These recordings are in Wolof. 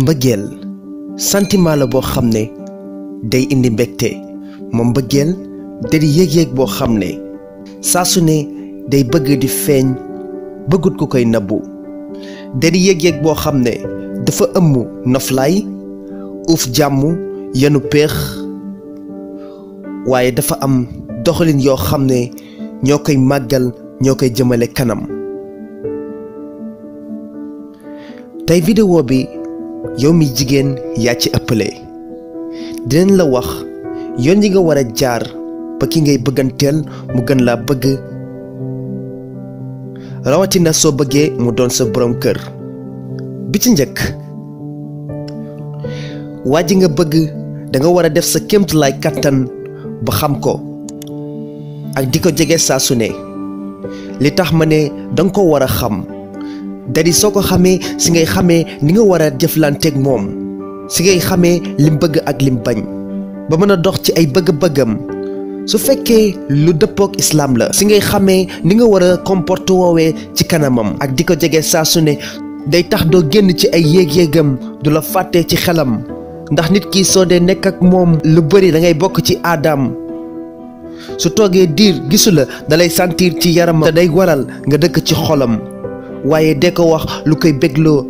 mbëggeel santiment la boo xam ne day indi mbégte moom mbëggeel da di yëg-yëg boo xam ne saa su ne day bëgg di feeñ bëggut ko koy nëbbu da di yëg-yëg boo xam ne dafa ëmm noflaay uuf jàmm yenu péex waaye dafa am doxalin yoo xam ne ñoo koy màggal ñoo koy jëmale kanam yow mi jigéen yaa ci ëppale dinañ la wax yoon yi nga war a jaar ba ki ngay bëgganteel mu gën laa bëgg rawatina soo bëggee mu doon sa boroom kër bi ci njëkk waa ji nga bëgg danga war a def sa kéemtulaay kàttan ba xam ko ak di ko jege saa su ne li tax ma ne danga ko war a xam dadi soo ko xamee si ngay xamee ni nga war a jëflanteeg moom si ngay xamee lim bëgg ak lim bañ ba mën a dox ci ay bëgg-bëggam su fekkee lu dëppook islaam la si ngay xamee ni nga war a comporte woowee ci kanamam ak di ko jege saasu ne day tax doo génn ci ay yéeg-yéegam du la fàtte ci xelam ndax nit ki soo dee nekk ak moom lu bëri da ngay bokk ci aadaam su toogee diir gisu la dalay sentir ci yaramam te day waral nga dëkk ci xolam waaye dee ko wax lu koy bégloo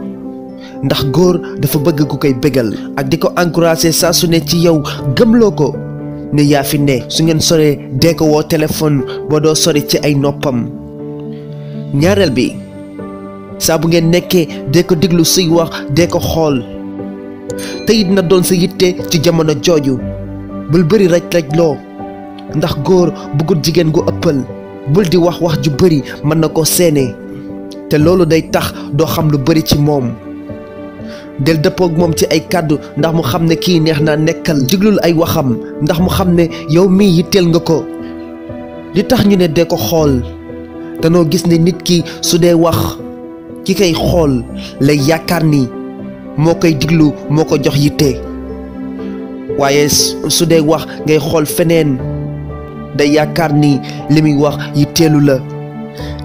ndax góor dafa bëgg ku koy bégal ak di ko encourager saa su ne ci yow gëmloo ko ne yaa fi ne su ngeen soree dee ko woo téléphone ba doo sori ci ay noppam ñaareel bi saa bu ngeen nekkee dee ko déglu suy wax dee ko xool te it na doon sa yitte ci jamono jooju bul bëri raj-raj loo ndax góor bëggul jigéen gu ëppal bul di wax wax ju bëri mën na ko seene te loolu day tax doo xam lu bari ci moom del dëppoog moom ci ay kàddu ndax mu xam ne kii neex na nekkal diglul ay waxam ndax mu xam ne yow mii yitteel nga ko li tax ñu ne dee ko xool danoo gis ne nit ki su dee wax ki kay xool lay yaakaar ni moo koy diglu moo ko jox yitte waaye su dee wax ngay xool feneen day yaakaar ni li muy wax teelu la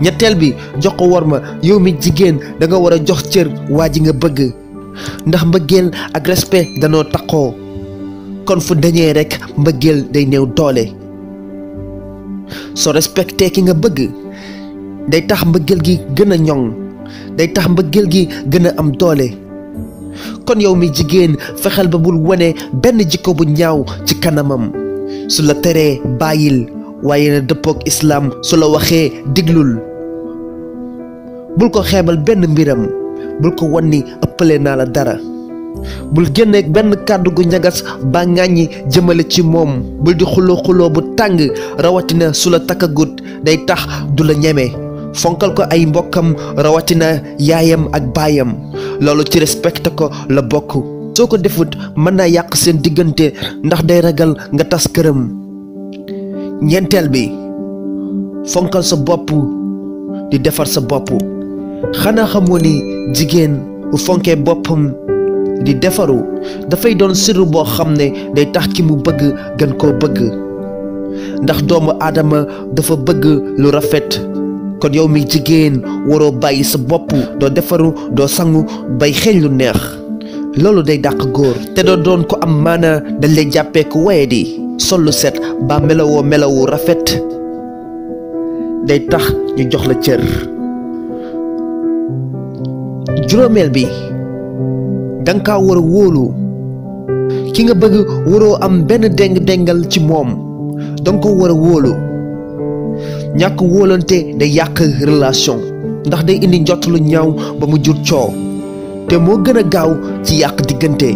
ñetteel bi jox ko wor ma yow mi jigéen da war a jox cër waa ji nga bëgg ndax mbëggeel ak respect danoo taqoo kon fu dañee rekk mbëggeel day néew doole soo respecté ki nga bëgg day tax mbëggeel gi gën a ñoŋ day tax mbëggeel gi gën a am doole kon yow mi jigéen fexeel ba bul wone benn jikko bu ñaaw ci kanamam su la teree bàyyil waaye na dëppook islaam su la waxee diglul bul ko xeebal benn mbiram bul ko wanni ëppale naa la dara bul génnee benn kàddu gu ñagas ba ngàññi jëmale ci moom bul di xuloo xuloo bu tàng rawatina su la takkagut day tax du la ñeme fonkal ko ay mbokkam rawatina yaayam ak baayam loolu ci respecté ko la bokk soo ko defut mën naa yàq seen diggante ndax day ragal nga tas këram ñeenteel bi fonkal sa bopp di defar sa bopp xanaa xamoo ni jigéen bu fonkee boppam di defaru dafay doon siru boo xam ne day tax ki mu bëgg gën koo bëgg ndax doomu aadama dafa bëgg lu rafet kon yow mi jigéen waroo bàyyi sa bopp doo defaru doo sangu bay xeeñ lu neex loolu day dàq góor te doo doon ko am maana dañ lay jàppee ku waye di sollu set ba melawoo melawu rafet day tax ñu jox la cër juróomeel bi danga kaa war a wóolu ki nga bëgg waroo am benn déng-déngal ci moom danga ko war a wóolu ñàkk wóolante day yàq relation ndax day indi njott lu ñaaw ba mu jur coow te moo gën a gaaw ci yàq diggante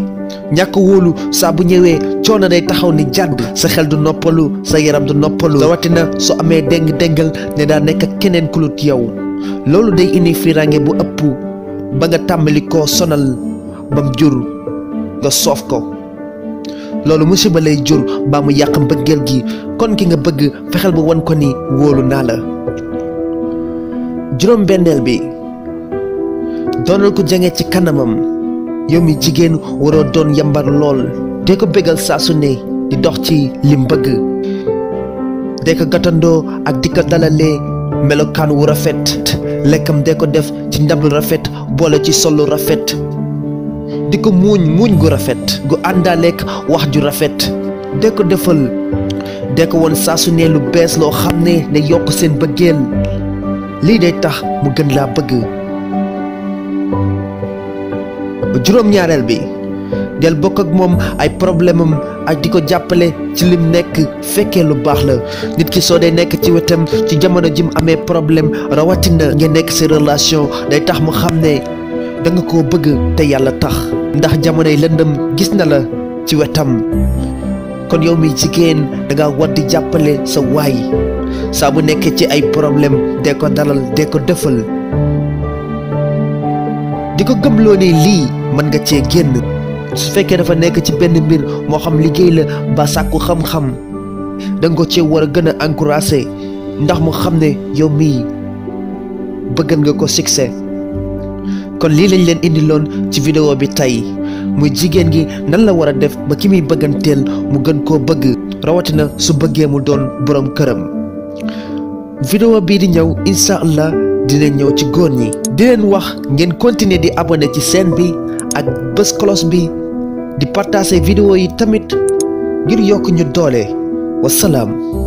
ñàkk wóolu saa bu ñëwee coono day taxaw ni jàdd sa xel du noppalu sa yaram du noppalu rawatina su amee déng-déngal ne daa nekk ak keneen kulut yow loolu day indi firange bu ëpp ba nga tàmbali koo sonal bam jur nga soof ko loolu musiba lay jur baa mu yàq mbëggeel gi kon ki nga bëgg fexeel ba won ko ni wóolu naa la juróom benneel bi Donald ko jange ci kanamam yow mi jigéen yambar lol. Deko ko begal sa di dox ci lim bëgg de ko gatando ak di ko melokan wu rafet lekam de ko def ci ndabul rafet boole ci solo rafet diko muñ muñ gu rafet gu andalek wax ju rafet de ko defal de ko won sa su lu bes lo xam ne yok sen seen li day tax mu gën la bëgg juróom-ñaareel bi del bokk ak moom ay problème am ak di ko jàppale ci lim nekk fekkee lu baax la nit ki soo dee nekk ci wetam ci jamono jim amee problème rawatina nga nekk sa relation day tax mu xam ne danga ko bëgg te yàlla tax ndax jamonoy lëndëm gis na la ci wetam kon yow mi jigéen da nga war di jàppale sa waay saa bu nekkee ci ay problème dee ko dalal dee ko defal di ko gëmloo ne lii mën nga cee génn su fekkee dafa nekk ci benn mbir moo xam liggéey la ba sàkku xam-xam danga ko cee war a gën a encouragé ndax mu xam ne yow mii bëggan nga ko sikse kon lii lañ leen indiloon ci vidéo bi tey muy jigéen gi nan la war a def ba ki muy bëgganteel mu gën koo bëgg rawatina su bëggee mu doon boroom këram vidéo bii di ñëw incha allah dina ñëw ci góor ñi di wax ngeen continuer di abonné ci seen bi ak bës cloche bi di partager vidéo yi tamit ngir yokk ñu doole wasalaam